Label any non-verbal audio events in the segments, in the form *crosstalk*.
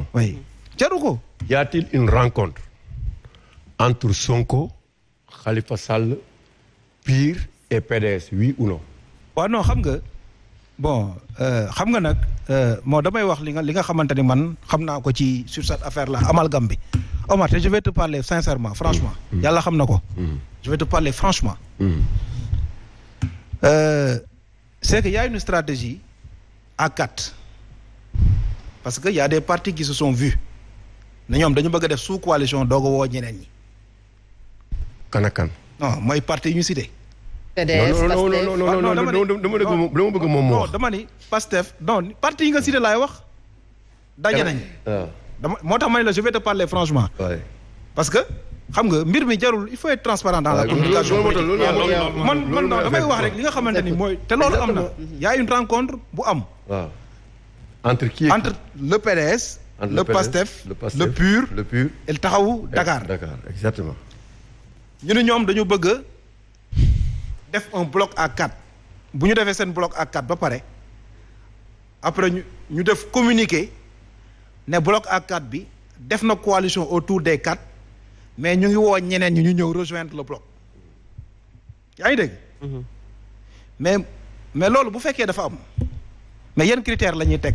élection. oui jaru ko. y une rencontre entre Sonko xalifa Sall PUR et PDS waa ou xam nga bon euh, xam nga nag euh, moo damay wax li nga li nga xamante ni man xam naa ko ci sur cette affaire là amalgame bi Omar te je vais te parler sincèrement franchement. Mm. Mm. yàlla xam na ko. Mm. je vais te parler franchement. Euh, c'est que y une stratégie à quatre. parce que yaa a des partis qui se sont vus ne ñoom dañu bëgg a def sous coalition doog woo ñeneen ñi. kan ak kan. mooy parti yu ñu cité. PDS Pastef non non non non dama bëgg moo wax. dama ni Pastef parti yi nga cité laay wax. daje nañ. dama moo tax may la je parce que xam nga mbir mi jarul il faut être transparent man man wax rek li nga xamante ni mooy. te loolu am na y a une rencontre bu am. entre qui entre le PDS. le, le PASTEF le PASTEF le PUR le PUR. et taxawu Dakar Dakar exactement. ñu ne ñoom dañu bëgg def un bloc à quatre bu ñu defee seen bloc à quatre ba pare après ñu ñu def communiqué ne bloc à quatre bi def na coalition autour des quatre mais ñu ngi woo ñeneen ñi ñu ñëw rejoindre le bloc yaa ngi dégg. Mhm. mais mais loolu bu fekkee dafa am mais yan critère la ñuy teg.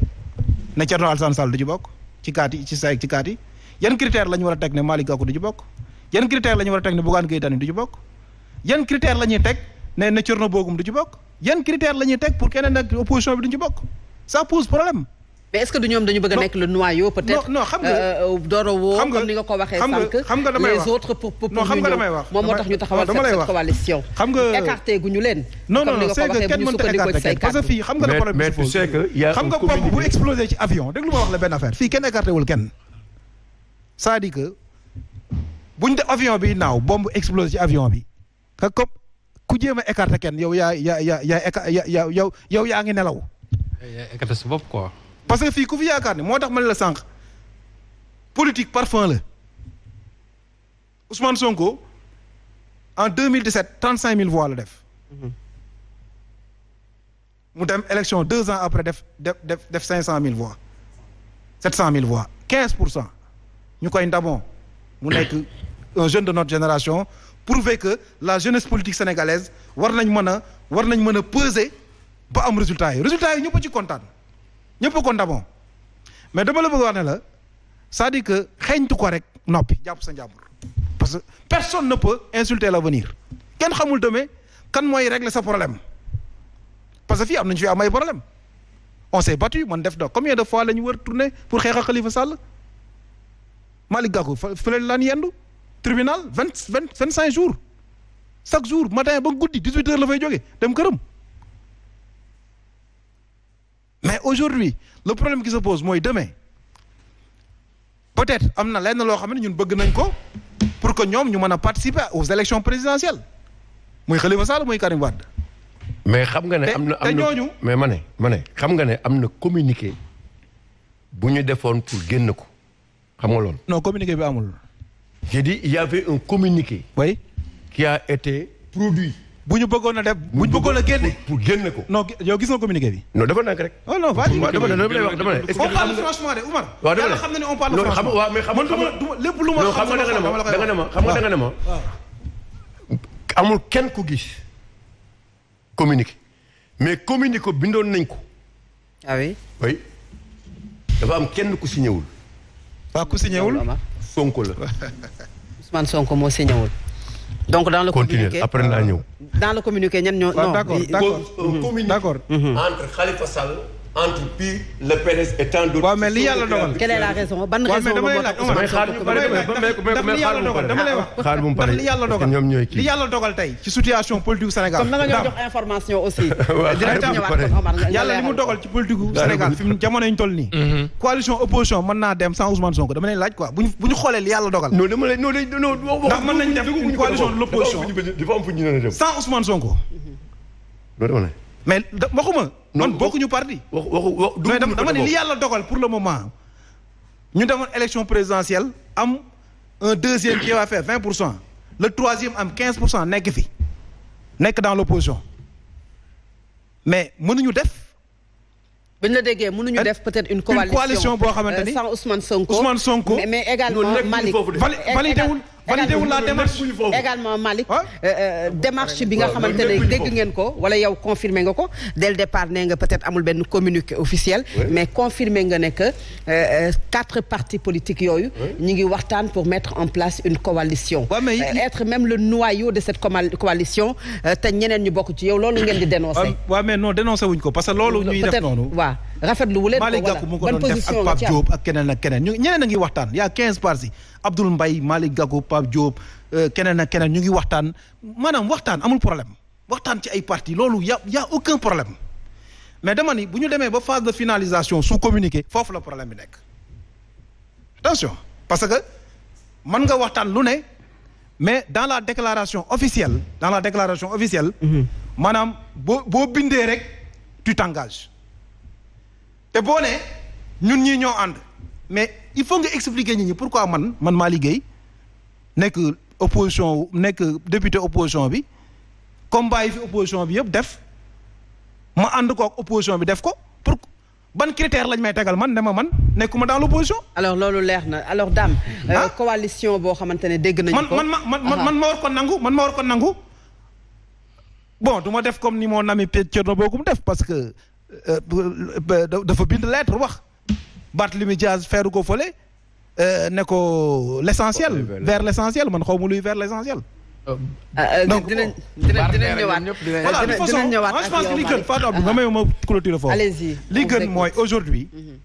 ne Thierno Alassane Sall du ci bokk ci kaat yi ci saa ci kaat yi yan critère la ñu war a teg ne Malick Gakou du bokk yan critère la ñu war a teg ne Bougane Gueye Dany du bokk yan critère la ñuy teg ne ne Thierno Bocoum du ci bokk yan critère la ñuy teg pour keneen nag opposition bi du ci bokk ça pose problème mais est-ce que du ñoom dañu bëgg nekk le noyau peut-être non xam nga euh, euh, dooro woo ko waxee xam nga damay wax les autres pour pour xam nga damay wax moom moo tax ñu taxawal cette coalition xam nga écarté que bu explosé ci avion déglu ma wax la benn affaire fii kenn écarté wul kenn buñ de avion bi naaw bombe explosé ci avion bi ka comme ku jéem a écarté kenn yow yaa ya ya yaa yow yow yaa ngi nelaw écarté sa bopp quoi parce que fii ku fi yaakaar ne moo tax ma la sànq politique parfum la Ousmane Sonko en 2017 35 000 voix la def. Mhm. mu dem élection deux ans après def def def def 500 000 voix 700 000 voix 15 pour cent ñu koy ndabon mu nekk un jeune de notre génération prouver que la jeunesse politique sénégalaise war nañ mën a war nañ mën a peser ba am résultat yi résultat yi ñëpp ci kontaan. ñëpp ko ndamoo mais dama la bëgg wax ne la cest di dire que xeeñtu ko rek noppi jàpp sa njàmbur parce que personne ne peut la l'avenir kenn xamul demee kan mooy régler sa problème parce que fii am nañu fi am ay problème on s'est battu man def do combien de fois la ñu war tourner pour xeex a Khalifa Sall Malick Gakou fa leen laan yendu tribunal vingt vingt cinq jours chaque jour matin ba guddi dix la fay jóge dem këram mais aujourd'hui le problème qui se pose mooy demee peut-être am na lenn loo xam ne ñun bëgg nañ ko pour que ñoom ñu mën a participer aux élections présidentielles mooy Khalifa Sall mooy Karim Wade. mais xam nga ne am na am na mais ma ne ma ne xam ne am na communiqué bu ñu defoon pour génn ko xam nga loolu. noo communiqué bi amul. j'ai dit il y un communiqué. oui qui a été produit. bu ñu bëggoon a def bu ñu bëggoon a génne pour génne ko. non yow gis nga communiqué bi. non dafa nekk rek. oh ne lay wax dama ne. on parle franchement de Oumar. waaw dama ne xam na ne on parle franchement. waaw mais xam lépp lu ma xam amul kenn ku gis communiqué mais communiqué ko bindoon nañ ko. ah dafa am kenn ku signéwul. waaw ku signéwul. Sonko la. *laughs* Ousmane moo signéwul. donc dans le communiqué après naa euh, ñëw. dans le communiqué ñenn ñoo. non d'accord d'accord. communiqué entre Khalifa Sall. entre Pire le PDS et tant d'autres. waaw mais li yàlla dogal. quelle la raison ban raison moom moo tax. mais xaar bu pare dama li yàlla dogal ñoom ñooy kii. li yàlla dogal tey ci situation politique Sénégal. comme na nga ñoo *laughs* yàlla dogal ci politique Sénégal fi mu jamono ñu toll nii. Mhm. coalition opposition mën naa dem sans Ousmane Sonko dama lay laaj quoi bu ñu bu ñu xoolee li yàlla dogal. non dama lay non non. ndax mën nañ def coalition de l'opposition sans Ousmane Sonko. loolu dama lay. mais waxuma. non bokkuñu parti. waxu waxu mais dama ne li yàlla dogal pour le moment ñu demoon élection présidentielle am un deuxième qui va faire vingt pour cent le troisième am quinze pour cent nekk fi nekk dans l'opposition mais mënuñu def. bu ñu la déggee mënuñu def peut-être une coalition une coalition boo xamante euh, ni sans Ousmane Sonko Ousmane Sonko mais également Malick validé wul validé wu la démarche également Malick ah? euh, euh, démarche bi nga xamante dégg ngeen ko wala yow confirmé nga ko dès le départ nee nga peut-être amul benn communiqué officiel mais confirmé nga ne que euh, quatre partis politiques yooyu ñi ngi waxtaan pour mettre en place une coalition être même le noyau de cette coalition te ñeneen ñu bokk ci yow loolu ngeen di dénoncer waaw mais non dénoncer wuñ ko parce que loolu ñuy def noonu waaw rafetlu wu leen Malick Gakou mu ko doon def ak Pape Diop ak keneen ak keneen ñu a ngi a quinze parties Abdoul euh, keneen ak keneen ñu ngi waxtaan maanaam waxtaan amul problème waxtaan ci ay parti loolu y' a y' aucun problème mais dama ni bu ñu demee ba phase de finalisation sous communiqué foofu la problème bi nekk attention parce que mën nga waxtaan lu ne mais dans la déclaration officielle dans la déclaration officielle mhm. maanaam boo boo bindee rek tu t'engages te boo nee ñun ñii ñoo ànd mais il faut nga expliquer nit ñi pourquoi man man maa liggéey nekk opposition nekk député opposition bi combat yi fi opposition bi yëpp def ma ànd ko ak opposition bi def ko pour ban critère lañ may tegal man ne ma man nekkuma dans l'opposition alors loolu leex na alors Dame. Euh, ah? coalition boo xamante ne dégg nañu ko man man man man ma war ko nangu man ma war ko nangu bon du def comme ni moo mon ami Thierno Bocoum def parce que Euh, euh, dafa bind lettre wax baat Barthélemy Diaz feeru ko fële euh, ne ko l'essentiel oh, vers l'essentiel man xaw ma luy vers l'essentiel donc dinañ dinañ dinañ ñëwaat ñëpp de façon moi je pense may ma clôture foofu li gën mooy aujourd'hui mhm.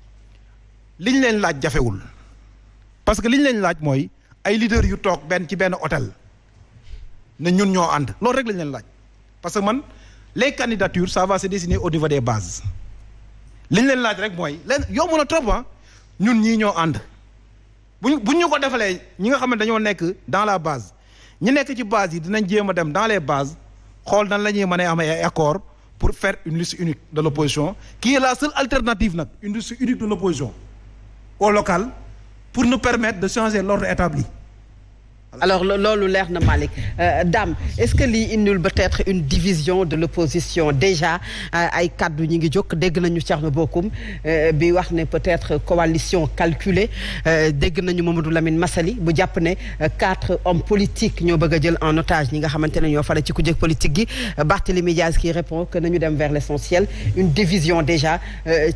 liñ leen laaj jafewul parce que liñ ñu leen laaj mooy ay leaders yu toog benn ci benn hôtel ne ñun ñoo ànd loolu rek la leen laaj parce que man les candidatures ça va se dessiner au niveau des bases li leen laaj rek mooy leen yomb na trop ah ñun ñii ñoo ànd buñ buñ ñu ko defalee ñi nga xam ne dañoo nekk dans la base ñi nekk ci base yi dinañ jéem a dem dans les base xool nan la ñuy mën a amee ay accord pour faire une unique de l' opposition qui la seule alternative nag une liste unique de l' opposition au local pour nu permettre de changer l'ordre établi alors loolu leer na Malick euh, Dame est-ce que lii indul peut-être une division de l'opposition déjà euh, ay kaddu ñi ngi jokk dégg nañu Thierno Bocoum euh, bi wax ne peut-être coalition calculée dégg nañu Mamadou Lamine Massaly bu jàpp ne quatre hommes politiques ñoo bëgg a jël en otage ñi nga xamante ne ñoo fare ci ku jëkk politique gi Barthélémy Diaz qui répond que nañu dem vers l'essentiel une division déjà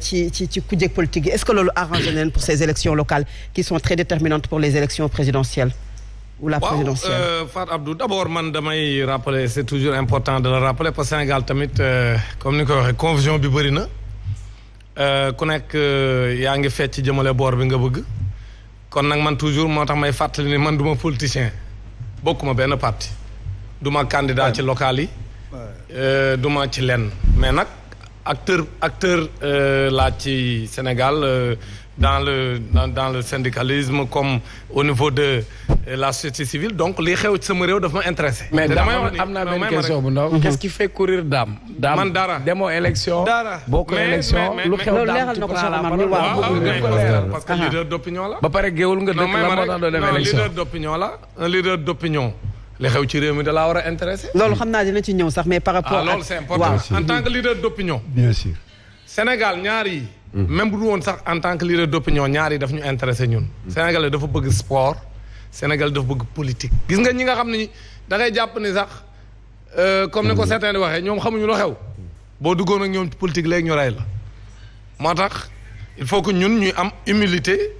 ci ci ci ku gi est-ce que loolu arrange na pour ces élections locales qui sont ou la présidentielle waaw euh, Fatou Abdou d' man damay rappeler c' est toujours important de le rappeler parce que Sénégal tamit euh, comme ni ko waxee confusion bi bëri na euh, ku nekk yaa ngi fecc jëmale boor bi nga bëgg kon nag man toujours moo tax may fàttali ne man du ma politicien bokkuma benn parti du ma candidat ci local yi du ma ci lenn mais nag acteur acteur laa ci Sénégal dans le dans, le syndicalisme comme au niveau de euh, la société civile donc li xew ci sama réew dafa ma intéressé. mais damay am naa benn question bu ndaw. qu'est-ce qui fait courir daam. daam man boo ko élection lu xew daam parce que leader ah. d'opinion la. ba pare géewul nga dëkk la moo tax doo dem élection la un leader d'opinion li xew ci réew mi da laa war a intéressé. loolu xam naa dina ci ñëw sax mais par rapport. ah loolu en tant que leader d'opinion. bien sûr Sénégal ñaar même bu dul woon sax en tant que leader d'opinion ñaar yi daf ñu intéressé ñun. Sénégalais dafa bëgg sport Sénégal dafa bëgg politique. gis nga ñi nga xam ne da ngay jàpp ni sax euh, comme ni ko certains di waxee ñoom xamuñu lu xew. boo duggoon ak ñoom ci politique lay ñu rey la moo tax il faut que ñun ñuy am humilité.